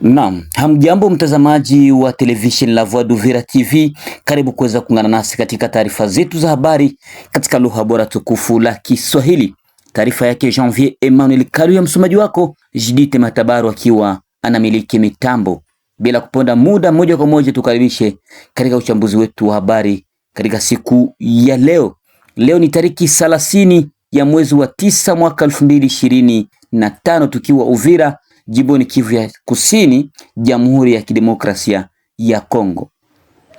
Naam, hamjambo mtazamaji wa television La Voix d'Uvira TV, karibu kuweza kuungana nasi katika taarifa zetu za habari katika lugha bora tukufu la Kiswahili. Taarifa yake Janvier Emmanuel ya msomaji wako Jidite Matabaru akiwa anamiliki mitambo. Bila kuponda muda, moja kwa moja tukaribishe katika uchambuzi wetu wa habari katika siku ya leo. Leo ni tariki salasini ya mwezi wa tisa mwaka elfu ishirini na tano tukiwa Uvira jimbo ni Kivu ya Kusini, Jamhuri ya Kidemokrasia ya Kongo.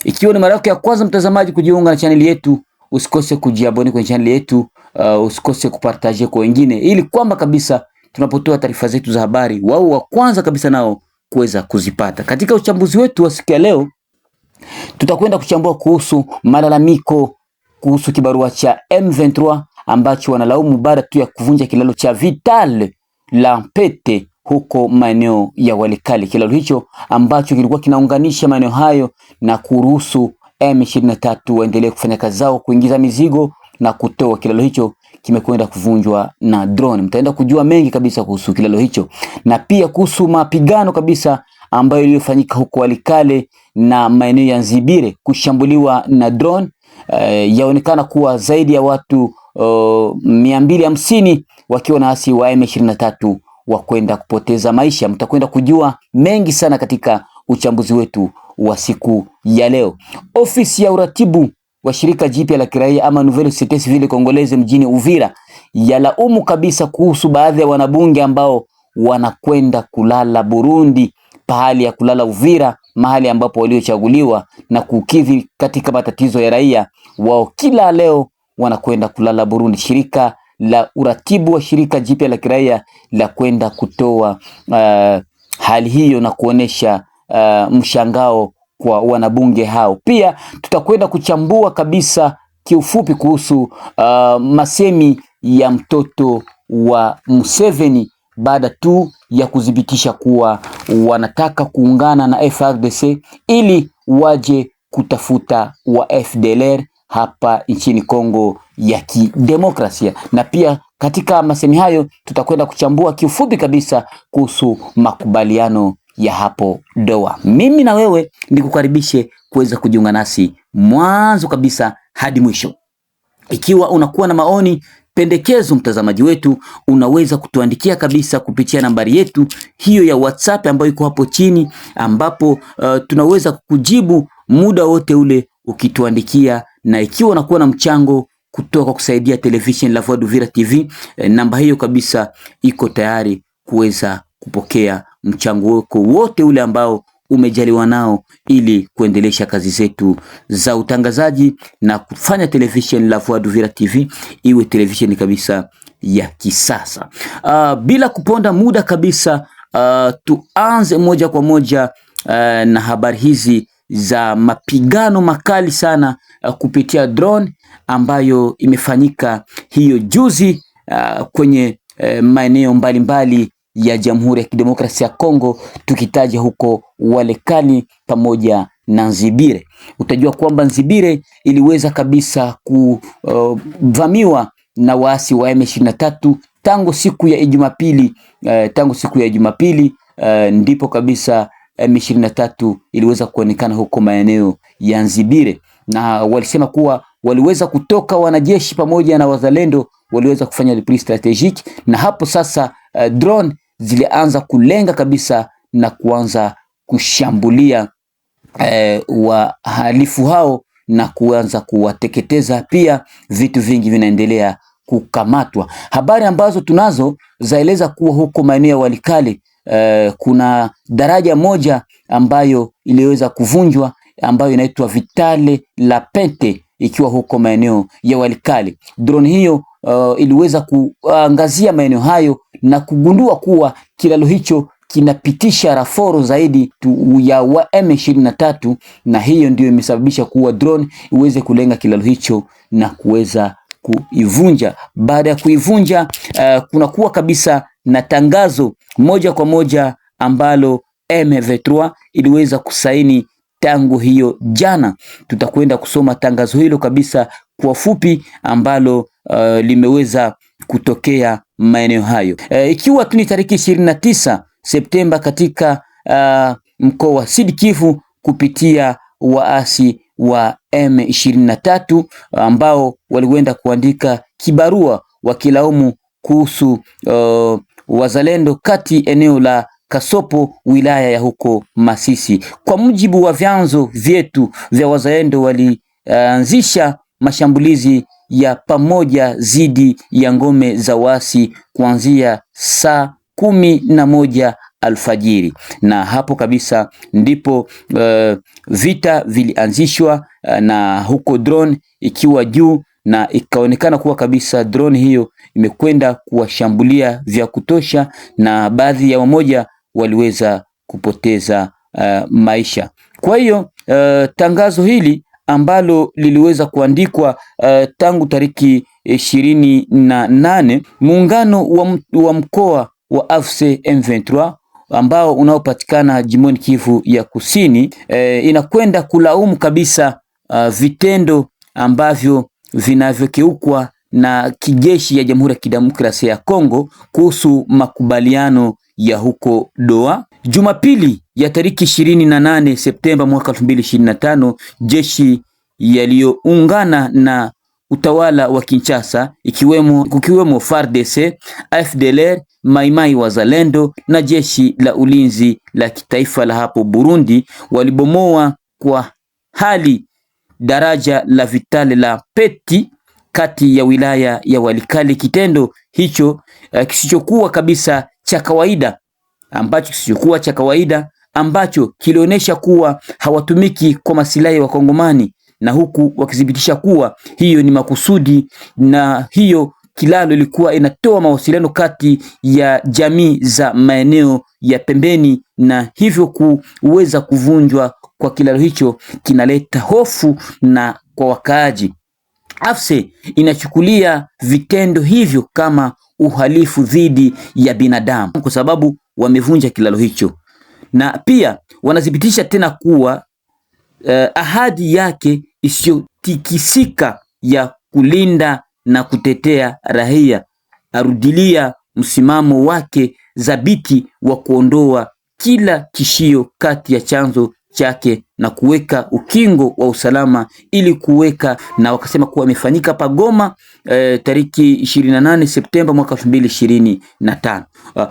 Ikiwa ni mara yako ya kwanza mtazamaji kujiunga na chaneli yetu, usikose kujiabone kwenye chaneli yetu, uh, usikose kupartaje kwa wengine, ili kwamba kabisa tunapotoa taarifa zetu za habari, wao wa kwanza kabisa nao kuweza kuzipata. Katika uchambuzi wetu wa siku ya leo, tutakwenda kuchambua kuhusu malalamiko kuhusu kibarua cha M23 ambacho wanalaumu baada tu ya kuvunja kilalo cha Vital Lampete huko maeneo ya Walikali. Kilalo hicho ambacho kilikuwa kinaunganisha maeneo hayo na kuruhusu M23 waendelee kufanya kazi zao, kuingiza mizigo na kutoa. Kilalo hicho kimekwenda kuvunjwa na drone. Mtaenda kujua mengi kabisa kuhusu kilalo hicho na pia kuhusu mapigano kabisa ambayo iliyofanyika huko Walikale na maeneo ya Nzibire kushambuliwa na drone. Uh, yaonekana kuwa zaidi ya watu oh, mia mbili hamsini wakiwa na asi wa M23 wa kwenda kupoteza maisha. Mtakwenda kujua mengi sana katika uchambuzi wetu wa siku ya leo. Ofisi ya uratibu wa shirika jipya la kiraia ama Nouvelle Societe Civile Congolaise mjini Uvira yalaumu kabisa kuhusu baadhi ya wanabunge ambao wanakwenda kulala Burundi, pahali ya kulala Uvira, mahali ambapo waliochaguliwa na kukidhi katika matatizo ya raia wao, kila leo wanakwenda kulala Burundi. Shirika la uratibu wa shirika jipya la kiraia la kwenda kutoa uh, hali hiyo na kuonesha uh, mshangao kwa wanabunge hao. Pia tutakwenda kuchambua kabisa kiufupi kuhusu uh, masemi ya mtoto wa Museveni baada tu ya kuthibitisha kuwa wanataka kuungana na frdc ili waje kutafuta wa FDLR hapa nchini Kongo ya kidemokrasia, na pia katika masemi hayo tutakwenda kuchambua kiufupi kabisa kuhusu makubaliano ya hapo Doha. Mimi na wewe nikukaribishe kuweza kujiunga nasi mwanzo kabisa hadi mwisho. Ikiwa unakuwa na maoni pendekezo, mtazamaji wetu, unaweza kutuandikia kabisa kupitia nambari yetu hiyo ya WhatsApp ambayo iko hapo chini, ambapo uh, tunaweza kujibu muda wote ule ukituandikia, na ikiwa unakuwa na mchango kutoka kusaidia television La Voix d'Uvira TV. E, eh, namba hiyo kabisa iko tayari kuweza kupokea mchango wako wote ule ambao umejaliwa nao ili kuendelesha kazi zetu za utangazaji na kufanya television La Voix d'Uvira TV iwe television kabisa ya kisasa. Uh, bila kuponda muda kabisa, uh, tuanze moja kwa moja uh, na habari hizi za mapigano makali sana uh, kupitia drone ambayo imefanyika hiyo juzi uh, kwenye uh, maeneo mbalimbali ya Jamhuri ya Kidemokrasia ya Kongo, tukitaja huko Walekani pamoja na Nzibire. Utajua kwamba Nzibire iliweza kabisa kuvamiwa uh, na waasi wa M23 tangu siku ya Jumapili uh, tangu siku ya Jumapili uh, ndipo kabisa M23 iliweza kuonekana huko maeneo ya Nzibire, na walisema kuwa waliweza kutoka wanajeshi pamoja na wazalendo waliweza kufanya repli strategic, na hapo sasa uh, drone zilianza kulenga kabisa na kuanza kushambulia eh, wahalifu hao na kuanza kuwateketeza. Pia vitu vingi vinaendelea kukamatwa. Habari ambazo tunazo zaeleza kuwa huko maeneo ya Walikale uh, kuna daraja moja ambayo iliweza kuvunjwa ambayo inaitwa Vitale la Pente ikiwa huko maeneo ya Walikale. Drone hiyo uh, iliweza kuangazia maeneo hayo na kugundua kuwa kilalo hicho kinapitisha raforo zaidi tu ya wa M23 na hiyo ndiyo imesababisha kuwa drone iweze kulenga kilalo hicho na kuweza kuivunja. Baada ya kuivunja, uh, kunakuwa kabisa na tangazo moja kwa moja ambalo M23 iliweza kusaini tangu hiyo jana. Tutakwenda kusoma tangazo hilo kabisa kwa fupi ambalo uh, limeweza kutokea maeneo hayo e, ikiwa tu ni tariki ishirini na tisa Septemba katika uh, mkoa wa Sud Kivu kupitia waasi wa M23 ambao waliwenda kuandika kibarua wakilaumu kuhusu uh, wazalendo kati eneo la Kasopo wilaya ya huko Masisi. Kwa mujibu wa vyanzo vyetu vya wazalendo, walianzisha mashambulizi ya pamoja dhidi ya ngome za wasi kuanzia saa kumi na moja alfajiri na hapo kabisa ndipo uh, vita vilianzishwa uh, na huko drone ikiwa juu na ikaonekana kuwa kabisa droni hiyo imekwenda kuwashambulia vya kutosha, na baadhi ya wamoja waliweza kupoteza uh, maisha. Kwa hiyo uh, tangazo hili ambalo liliweza kuandikwa uh, tangu tariki ishirini na nane muungano wa, wa mkoa wa AFC M23 ambao unaopatikana jimoni Kivu ya Kusini eh, inakwenda kulaumu kabisa uh, vitendo ambavyo vinavyokeukwa na kijeshi ya Jamhuri ya Kidemokrasia ya Kongo kuhusu makubaliano ya huko Doha. Jumapili ya tariki 28 Septemba mwaka 2025, jeshi yaliyoungana na utawala wa Kinshasa ikiwemo kukiwemo FARDC, FDLR, Maimai Wazalendo na jeshi la ulinzi la kitaifa la hapo Burundi walibomoa kwa hali daraja la vitale la Peti kati ya wilaya ya Walikale, kitendo hicho uh, kisichokuwa kabisa cha kawaida ambacho kisichokuwa cha kawaida ambacho kilionyesha kuwa hawatumiki kwa masilahi ya Wakongomani, na huku wakithibitisha kuwa hiyo ni makusudi, na hiyo kilalo ilikuwa inatoa mawasiliano kati ya jamii za maeneo ya pembeni, na hivyo kuweza kuvunjwa kwa kilalo hicho kinaleta hofu na kwa wakaaji. AFSE inachukulia vitendo hivyo kama uhalifu dhidi ya binadamu kwa sababu wamevunja kilalo hicho, na pia wanathibitisha tena kuwa eh, ahadi yake isiyotikisika ya kulinda na kutetea raia, arudilia msimamo wake thabiti wa kuondoa kila tishio kati ya chanzo chake na kuweka ukingo wa usalama ili kuweka na wakasema kuwa imefanyika pa Goma e, tariki 28 Septemba mwaka 2025. Uh,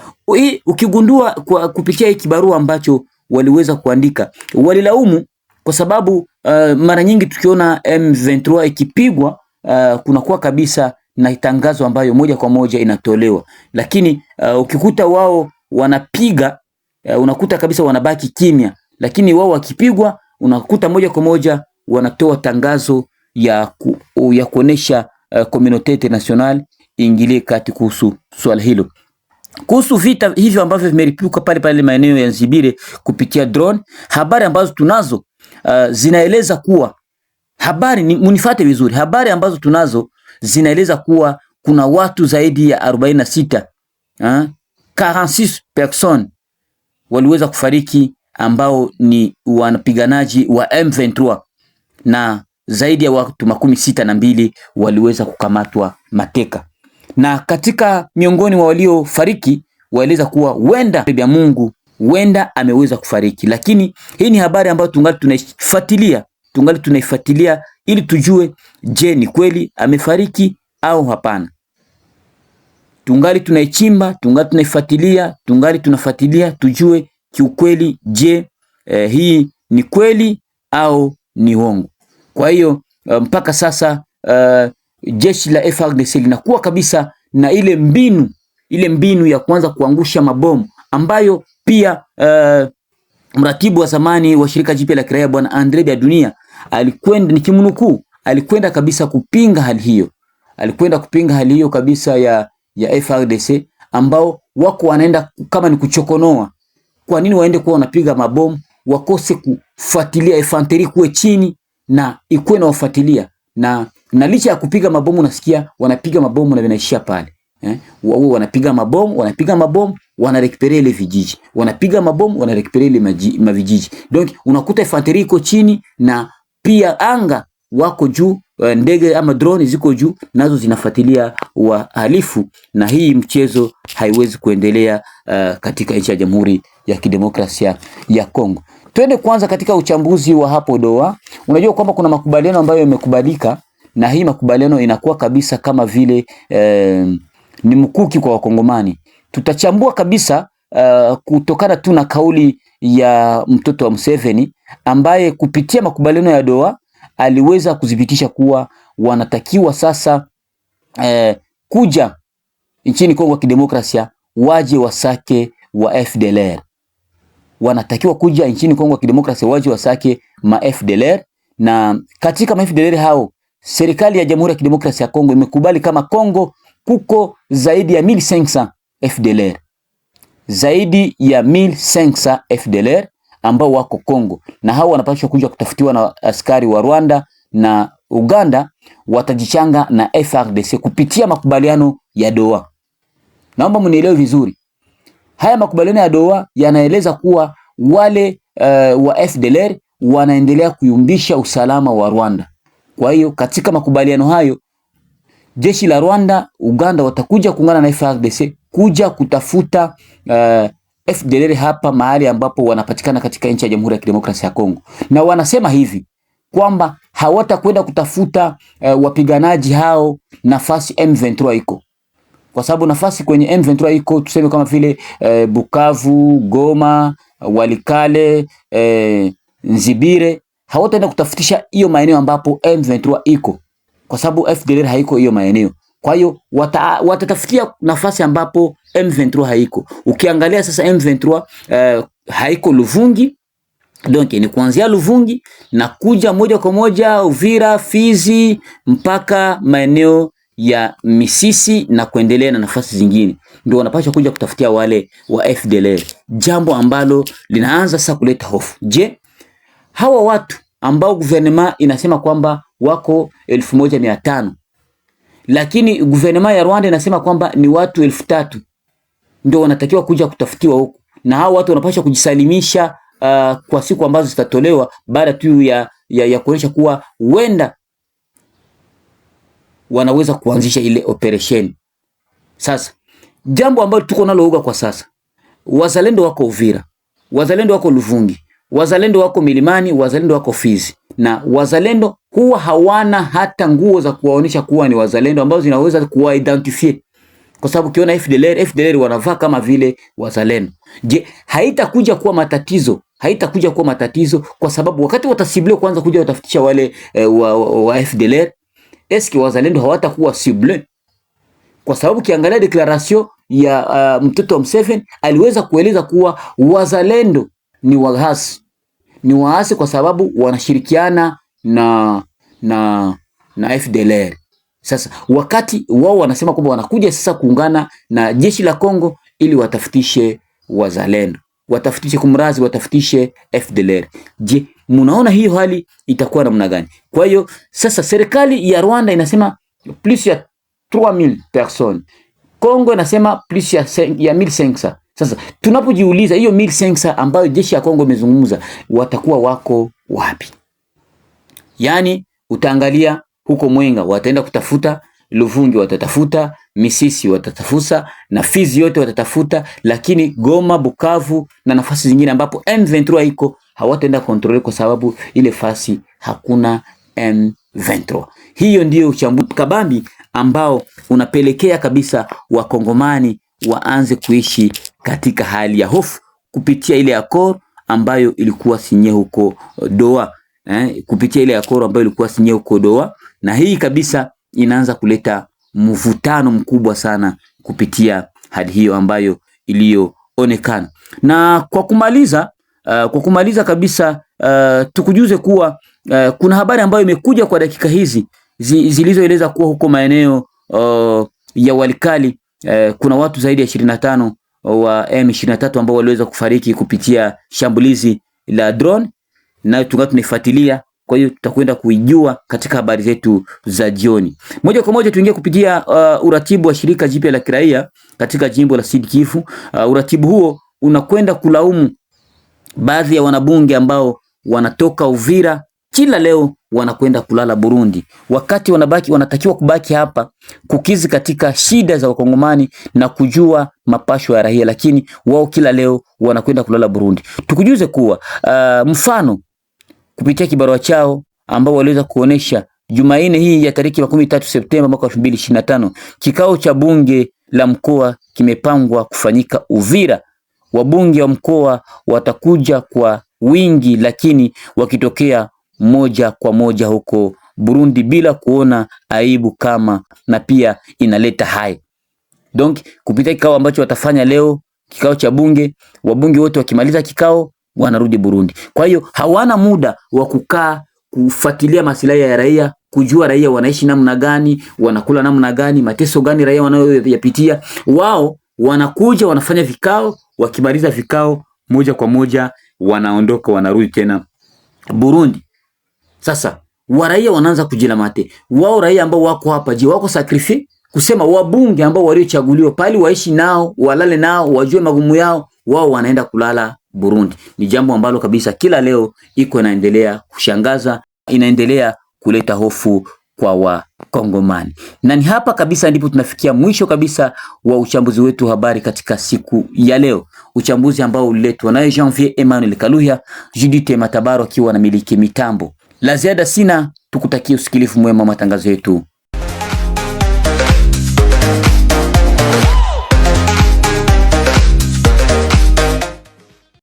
ukigundua kwa kupitia hii kibarua ambacho waliweza kuandika walilaumu kwa sababu uh, mara nyingi tukiona M23 ikipigwa uh, kunakuwa kabisa na tangazo ambayo moja kwa moja inatolewa, lakini uh, ukikuta wao wanapiga uh, unakuta kabisa wanabaki kimya lakini wao wakipigwa, unakuta moja kwa moja wanatoa tangazo ya, ku, ya kuonesha uh, eh, Communaute Internationale ingilie kati kuhusu swala hilo kuhusu vita hivyo ambavyo vimeripuka pale pale maeneo ya Nzibire kupitia drone. Habari ambazo tunazo uh, zinaeleza kuwa habari ni, munifate vizuri, habari ambazo tunazo zinaeleza kuwa kuna watu zaidi ya 46 46 eh, personnes waliweza kufariki ambao ni wapiganaji wa M23 na zaidi ya watu makumi sita na mbili waliweza kukamatwa mateka, na katika miongoni mwa waliofariki waeleza kuwa wenda ya Mungu wenda ameweza kufariki, lakini hii ni habari ambayo tungali tunaifuatilia, tungali tunaifuatilia ili tujue, je, ni kweli amefariki au hapana? Tungali tunaichimba, tungali tunaifuatilia, tungali tunafuatilia tujue kiukweli, je, eh, hii ni kweli au ni uongo? Kwa hiyo eh, mpaka sasa uh, jeshi la FARDC linakuwa kabisa na ile mbinu ile mbinu ya kuanza kuangusha mabomu ambayo pia uh, mratibu wa zamani wa shirika jipya la kiraia bwana Andre ya Dunia alikwenda, nikimnukuu, alikwenda kabisa kupinga hali hiyo, alikwenda kupinga hali hiyo kabisa ya, ya FARDC ambao wako wanaenda kama ni kuchokonoa kwa nini waende kuwa wanapiga mabomu, wakose kufuatilia efanteri kuwe chini na ikuwe na wafuatilia na na licha ya kupiga mabomu, unasikia wanapiga mabomu na vinaishia pale eh, wao wanapiga mabomu, wanapiga mabomu, wanarekipere ile vijiji, wanapiga mabomu, wanarekipere ile mavijiji. Donc unakuta infanteri iko chini na pia anga wako juu Eh, ndege ama drone ziko juu, nazo zinafuatilia wahalifu, na hii mchezo haiwezi kuendelea uh, katika nchi ya Jamhuri ya Kidemokrasia ya Kongo. Twende kwanza katika uchambuzi wa hapo Doha. Unajua kwamba kuna makubaliano ambayo yamekubalika, na hii makubaliano inakuwa kabisa kama vile eh, ni mkuki kwa Wakongomani. Tutachambua kabisa uh, kutokana tu na kauli ya mtoto wa Museveni ambaye kupitia makubaliano ya Doha aliweza kudhibitisha kuwa wanatakiwa sasa eh, kuja nchini Kongo ya Kidemokrasia waje wasake wa FDLR, wanatakiwa kuja nchini Kongo ya Kidemokrasia waje wasake ma FDLR. Na katika ma FDLR hao, serikali ya Jamhuri ya Kidemokrasia ya Kongo imekubali kama Kongo kuko zaidi ya 1500 FDLR, zaidi ya 1500 FDLR ambao wako Kongo, na hao wanapaswa kuja kutafutiwa na askari wa Rwanda na Uganda watajichanga na FRDC kupitia makubaliano ya Doha. Naomba mnielewe vizuri. Haya makubaliano ya Doha yanaeleza kuwa wale uh, wa FDLR wanaendelea kuyumbisha usalama wa Rwanda. Kwa hiyo katika makubaliano hayo jeshi la Rwanda, Uganda watakuja kuungana na FRDC kuja kutafuta uh, FDLR hapa mahali ambapo wanapatikana katika nchi ya Jamhuri ya Kidemokrasia ya Kongo, na wanasema hivi kwamba hawatakwenda kutafuta e, wapiganaji hao nafasi M23 iko kwa sababu nafasi kwenye M23 iko tuseme kama vile e, Bukavu, Goma, Walikale, e, Nzibire, hawataenda kutafutisha hiyo maeneo ambapo M23 iko, kwa sababu FDLR haiko hiyo maeneo. Kwa hiyo watatafutia nafasi ambapo M23 haiko. Ukiangalia sasa M23 uh, haiko Luvungi donc ni kuanzia Luvungi na kuja moja kwa moja Uvira, Fizi mpaka maeneo ya Misisi na kuendelea na nafasi zingine, ndio wanapaswa kuja kutafutia wale wa FDLR, jambo ambalo linaanza sasa kuleta hofu. Je, hawa watu ambao guvernema inasema kwamba wako elfu moja mia tano lakini guvernema ya Rwanda inasema kwamba ni watu elfu tatu ndio wanatakiwa kuja kutafutiwa huku, na hao watu wanapaswa kujisalimisha uh, kwa siku ambazo zitatolewa baada tu ya, ya, ya kuonyesha kuwa wenda wanaweza kuanzisha ile operation. Sasa jambo ambalo tuko nalo uga kwa sasa, wazalendo wako Uvira, wazalendo wako Luvungi, wazalendo wako Milimani, wazalendo wako Fizi na wazalendo huwa hawana hata nguo za kuwaonyesha kuwa ni wazalendo ambao zinaweza kuwa kuwaidentifie kwa sababu ukiona FDLR, FDLR wanavaa kama vile wazalendo. Je, haitakuja kuwa matatizo? Haitakuja kuwa matatizo kwa sababu wakati watasibule kwanza kuja watafutisha wale e, wa, wa, wa FDLR, eski wazalendo hawatakuwa sible? Kwa sababu kiangalia declaration ya uh, mtoto wa Mseveni aliweza kueleza kuwa wazalendo ni waasi, ni waasi kwa sababu wanashirikiana na na na FDLR. Sasa wakati wao wanasema kwamba wanakuja sasa kuungana na jeshi la Kongo ili watafutishe wazalendo, watafutishe kumrazi, watafutishe FDLR. Je, mnaona hiyo hali itakuwa namna gani? Kwa hiyo sasa serikali ya Rwanda inasema plus ya 3000 person, Kongo inasema plus ya 1500. Sasa tunapojiuliza hiyo 1500 ambayo jeshi ya Kongo imezungumza watakuwa wako wapi? Yaani utaangalia huko Mwenga wataenda kutafuta, Luvungi watatafuta, Misisi watatafuta na Fizi yote watatafuta, lakini Goma, Bukavu na nafasi zingine ambapo M23 iko hawataenda kontrole kwa sababu ile fasi hakuna M23. Hiyo ndio uchambuzi kabambi ambao unapelekea kabisa wakongomani waanze kuishi katika hali ya hofu kupitia ile akor ambayo ilikuwa sinye huko Doa eh, kupitia ile akor ambayo ilikuwa sinye huko Doa na hii kabisa inaanza kuleta mvutano mkubwa sana kupitia hali hiyo ambayo iliyoonekana. Na kwa kumaliza, uh, kwa kumaliza kabisa uh, tukujuze kuwa uh, kuna habari ambayo imekuja kwa dakika hizi zi, zilizoeleza kuwa huko maeneo uh, ya Walikali uh, kuna watu zaidi ya 25 wa M23 ambao waliweza kufariki kupitia shambulizi la drone, nayo tunga tunaifuatilia kwa hiyo tutakwenda kuijua katika habari zetu za jioni. Moja kwa moja tuingie kupitia uh, uratibu wa shirika jipya la kiraia katika jimbo la Sud Kivu. Uh, uratibu huo unakwenda kulaumu baadhi ya wanabunge ambao wanatoka Uvira kila leo wanakwenda kulala Burundi, wakati wanabaki wanatakiwa kubaki hapa kukizi katika shida za wakongomani na kujua mapasho ya raia, lakini wao kila leo wanakwenda kulala Burundi. Tukujuze kuwa uh, mfano kupitia kibarua chao ambao waliweza kuonesha Jumanne hii ya tariki ya 13 Septemba mwaka 2025, kikao cha bunge la mkoa kimepangwa kufanyika Uvira. Wabunge wa mkoa watakuja kwa wingi, lakini wakitokea moja kwa moja huko Burundi bila kuona aibu kama, na pia inaleta hai donc kupitia kikao ambacho watafanya leo, kikao cha bunge, wabunge wote wakimaliza kikao wanarudi Burundi. Kwa hiyo hawana muda wa kukaa kufuatilia masilahi ya raia, kujua raia wanaishi namna gani, wanakula namna gani, mateso gani raia wanayoyapitia. Wao wanakuja wanafanya vikao, wakimaliza vikao moja kwa moja wanaondoka, wanarudi tena Burundi. Sasa waraia wanaanza kujilamate, wao raia ambao wako hapa, je, wako sakrifi kusema wabunge ambao waliochaguliwa pale waishi nao, walale nao, wajue magumu yao, wao wanaenda kulala Burundi. Ni jambo ambalo kabisa kila leo iko inaendelea kushangaza, inaendelea kuleta hofu kwa Wakongomani. Na ni hapa kabisa ndipo tunafikia mwisho kabisa wa uchambuzi wetu habari katika siku ya leo, uchambuzi ambao uliletwa naye Janvier Emmanuel Kaluya, Judith Matabaro akiwa na miliki mitambo. La ziada sina, tukutakie usikilifu mwema matangazo yetu.